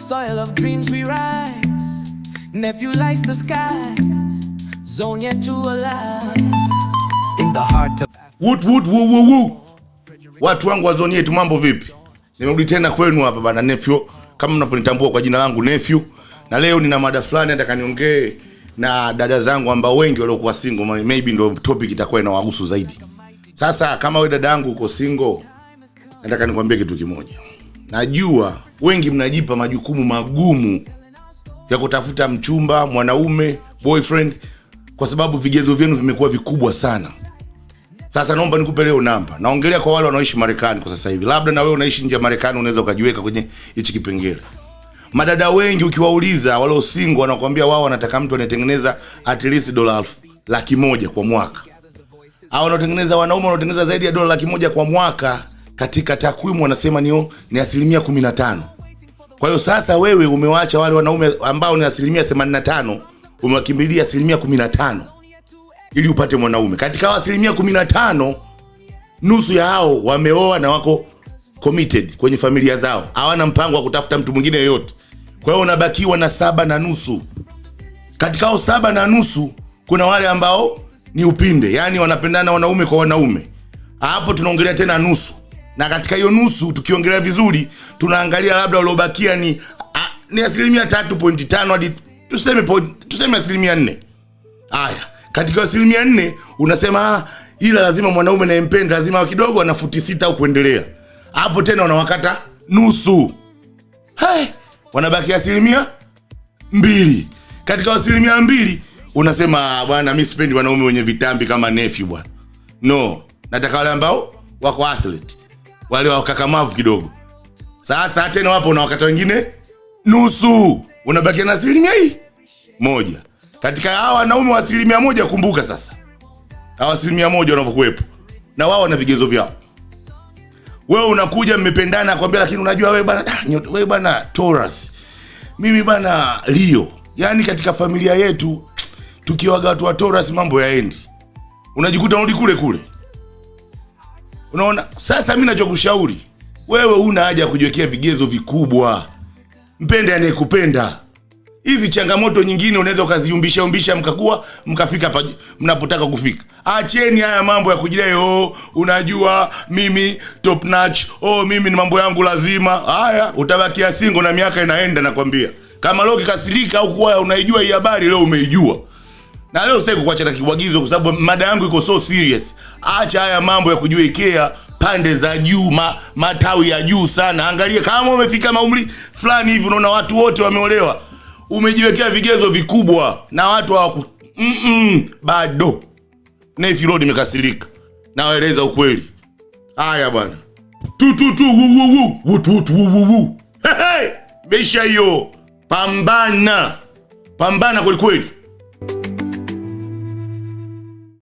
soil of dreams we rise, nephew lights the skies, zone yet to alive. In the heart of woot woot woo woo woo. Watu wangu wa zone yetu, mambo vipi? Nimerudi tena kwenu hapa bana nephew, kama mnaponitambua kwa jina langu nephew, na leo nina mada fulani nataka niongee na dada zangu ambao wengi waliokuwa single, maybe ndio topic itakuwa inawahusu zaidi. Sasa kama wewe dada yangu uko single, nataka nikwambie kitu kimoja najua wengi mnajipa majukumu magumu ya kutafuta mchumba, mwanaume, boyfriend kwa sababu vigezo vyenu vimekuwa vikubwa sana. Sasa naomba nikupe leo namba, naongelea kwa wale wanaoishi Marekani kwa sasa hivi. Labda na wewe unaishi nje ya Marekani, unaweza ukajiweka kwenye hichi kipengele. Madada wengi ukiwauliza, wale single wanakuambia wao wanataka mtu anayetengeneza at least dola elfu laki moja kwa mwaka, au wanaotengeneza wanaume wanaotengeneza zaidi ya dola laki moja kwa mwaka katika takwimu wanasema ni, ni asilimia 15. Kwa hiyo sasa wewe umewaacha wale wanaume ambao ni asilimia 85, umewakimbilia asilimia 15 ili upate mwanaume. Katika asilimia 15, nusu ya hao wameoa na wako committed kwenye familia zao, hawana mpango wa kutafuta mtu mwingine yoyote. Kwa hiyo unabakiwa na saba na nusu. Katika hao saba na nusu kuna wale ambao ni upinde, yaani wanapendana wanaume kwa wanaume. Hapo tunaongelea tena nusu na katika hiyo nusu tukiongelea vizuri, tunaangalia labda waliobakia ni a, ni asilimia tatu pointi tano hadi tuseme tuseme asilimia nne. Haya, katika asilimia nne unasema ah, ila lazima mwanaume nayempenda lazima kidogo ana futi sita au kuendelea. Hapo tena unawakata nusu. Hey, wanabaki asilimia mbili. Katika asilimia mbili unasema bwana, mimi sipendi wanaume wenye vitambi kama nefi bwana. No, nataka wale ambao wako athlete wale wakakamavu kidogo. Sasa tena wapo na wakata wengine nusu, unabakia na asilimia hii moja katika hawa wanaume wa asilimia moja. Kumbuka sasa hawa asilimia moja wanavyokuwepo na wao wana vigezo vyao. Wewe unakuja mmependana, kwambia lakini unajua wewe bana, ah, wewe bana Taurus, mimi bana Leo. yani katika familia yetu tukiwaga watu wa Taurus mambo yaendi, unajikuta unarudi kule kule. Unaona, sasa mimi nachokushauri wewe, una haja ya kujiwekea vigezo vikubwa, mpende anayekupenda. Hizi changamoto nyingine unaweza ukaziumbisha umbisha mkakuwa mkafika pa mnapotaka kufika. Acheni haya mambo ya kujidai, oh, unajua mimi top notch, oh, mimi ni mambo yangu lazima. Haya, utabakia singo na miaka inaenda, nakwambia. Kama leo kikasirika au kuwa unaijua hii habari leo umeijua na leo sitaki kukuacha na kiwagizo kwa sababu mada yangu iko so serious. Acha haya mambo ya kujiwekea pande za juu ma, matawi ya juu sana. Angalia kama umefika maumri fulani hivi, unaona watu wote wameolewa, umejiwekea vigezo vikubwa na watu hawaku mm -mm, bado Naif Road imekasirika, Naeleza ukweli. Haya bwana, tu tu tu wu wu wu wut wut wu wu wu, hey, hey, meisha hiyo. Pambana pambana kweli